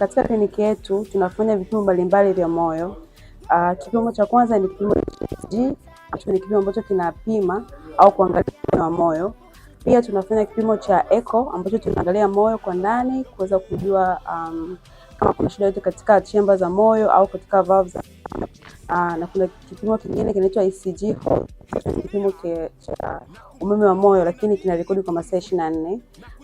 Katika kliniki yetu tunafanya vipimo mbalimbali vya moyo. Uh, kipimo cha kwanza ni kipimo cha ECG ambacho ni kipimo ambacho kinapima au kuangalia wa moyo. Pia tunafanya kipimo cha echo ambacho tunaangalia moyo kwa ndani kuweza kujua um, kama kuna shida yote katika chemba za moyo au katika valve za Aa, ah, na kuna kipimo kingine kinaitwa ECG Hall, kipimo cha umeme wa moyo, lakini kinarekodi kwa masaa ishirini na nne.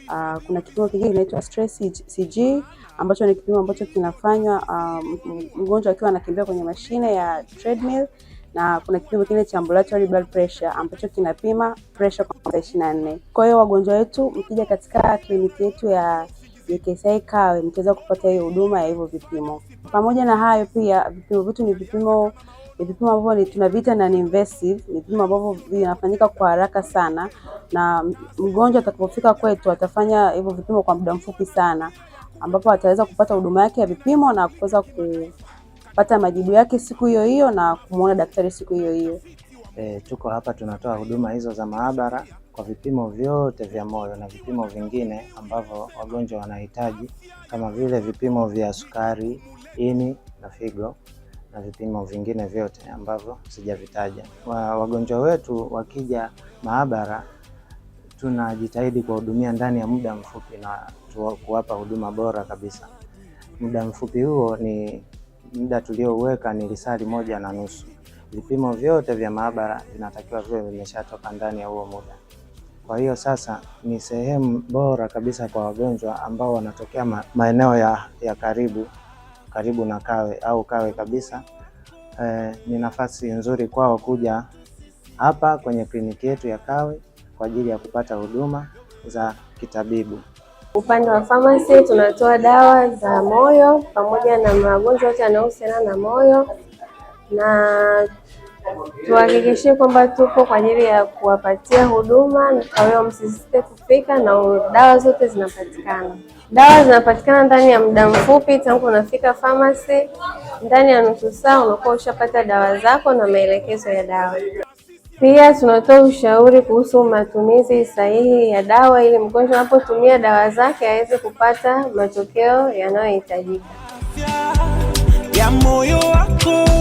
Ah, kuna kipimo kingine kinaitwa stress CG ambacho ni kipimo ambacho kinafanywa um, mgonjwa akiwa anakimbia kwenye mashine ya treadmill, na kuna kipimo kingine cha ambulatory blood pressure ambacho kinapima pressure kwa masaa ishirini na nne. Kwa hiyo wagonjwa wetu mkija katika kliniki yetu ya mkiisai kawe mtaweza kupata hiyo huduma ya hivyo vipimo. Pamoja na hayo pia vipimo vyetu ni vipimo ni vipimo ambavyo tunaviita non invasive, ni vipimo ambavyo vinafanyika kwa haraka sana, na mgonjwa atakapofika kwetu atafanya hivyo vipimo kwa muda mfupi sana, ambapo ataweza kupata huduma yake ya vipimo na kuweza kupata majibu yake siku hiyo hiyo na kumuona daktari siku hiyo hiyo. E, tuko hapa tunatoa huduma hizo za maabara kwa vipimo vyote vya moyo na vipimo vingine ambavyo wagonjwa wanahitaji kama vile vipimo vya sukari, ini na figo na vipimo vingine vyote ambavyo sijavitaja. Wa, wagonjwa wetu wakija maabara tunajitahidi kuwahudumia ndani ya muda mfupi na kuwapa huduma bora kabisa. Muda mfupi huo ni muda tuliouweka ni lisali moja na nusu vipimo vyote vya maabara vinatakiwa viwe vimeshatoka ndani ya huo muda. Kwa hiyo sasa ni sehemu bora kabisa kwa wagonjwa ambao wanatokea ma maeneo ya, ya karibu karibu na Kawe au Kawe kabisa. E, ni nafasi nzuri kwao kuja hapa kwenye kliniki yetu ya Kawe kwa ajili ya kupata huduma za kitabibu. Upande wa pharmacy tunatoa dawa za moyo pamoja na magonjwa yote yanayohusiana na moyo na tuhakikishie kwamba tupo kwa ajili ya kuwapatia huduma. Kwa hiyo msisite kufika, na dawa zote zinapatikana. Dawa zinapatikana ndani ya muda mfupi tangu unafika famasi. Ndani ya nusu saa unakuwa ushapata dawa zako na maelekezo ya dawa. Pia tunatoa ushauri kuhusu matumizi sahihi ya dawa, ili mgonjwa anapotumia dawa zake aweze kupata matokeo yanayohitajika ya moyo wako.